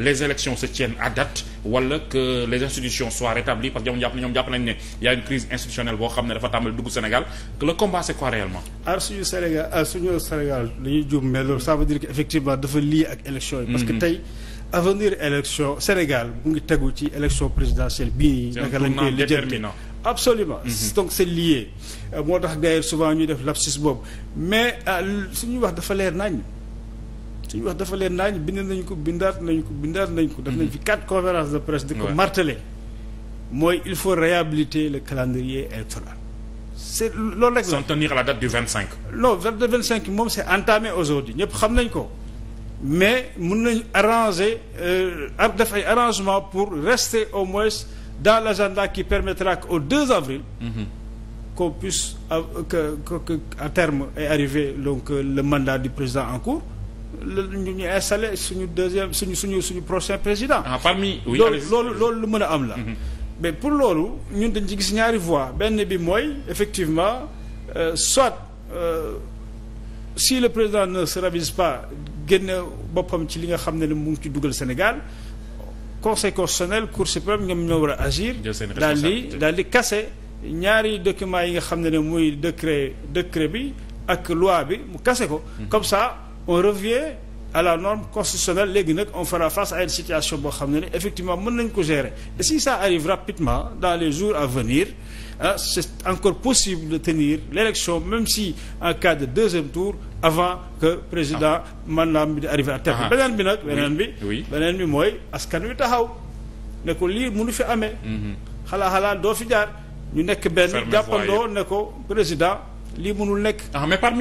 les élections se tiennent à date wala que les institutions soient rétablies parce que ñoom jàpp ñoom jàpp nañu ne y a une crise institutionnelle boo xam ne dafa euh, veut dire que effectivement dafa lii ak élection yi. parce que mhm. tey avenir élection Sénégal mu ngi tegu ci élection présidentielle bii. naka lañ koy déterminant absolument mm -hmm. donc c'est lié euh, moo tax d'ailleurs souvent ñuy def lapsus boobu mais euh, suñuy wax dafa leer nañ suñu wax dafa leen naañ bind nañ ko bindaat nañ ko bindaat nañ ko def nañ fi quatre conférences de presse di ko marteler mooy il faut réhabiliter le calendrier électoral c'est loolu rek la. s'en tenir à la date du 25. non date du 25 moom c'est entamé aujourd'hui ñëpp xam nañ ko mais mën nañ arranger euh, ab def ay arrangement pour rester au moins dans l'agenda qui permettra qu'au 2 avril mm -hmm. qu'on puisse à, que, que, que à terme est arrivé donc euh, le mandat du président en cours ñu ñu installé suñu deuxième suñu suñu suñu prochain président. ah parmi oui loolu loolu loolu lu mën a am la. Mhm. mais pour loolu ñun dañ ci gis ñaari voie benn bi mooy effectivement euh, soit euh, si le président ne se ravise pas génne boppam ci li nga xam ne ne mu ngi ci dugal Sénégal conseil constitutionnel cour suprême ñoom ñoo war a agir. daal di daal di kase ñaari documents yi nga xam ne ne muy décret décret bi ak loi bi mu kase ko. Mhm. comme ça. on revient à la norme constitutionnelle léegi nag on fera face à une situation boo xam ne ne effectivement mën nañ ko gérer et si ça arrive rapidement dans les jours à venir c'est encore possible de tenir l'élection même si en cas de deuxième tour avant que président ah. mandat bi di arriver à terme ah. beneen bi nag beneen bi beneen bi mooy askan wi taxaw ne ko lii mënu fi amee mm-hmm. xalaa xalaa doo fi jaar ñu nekk benn jàppandoo ne ko président lii mënul nekk ah,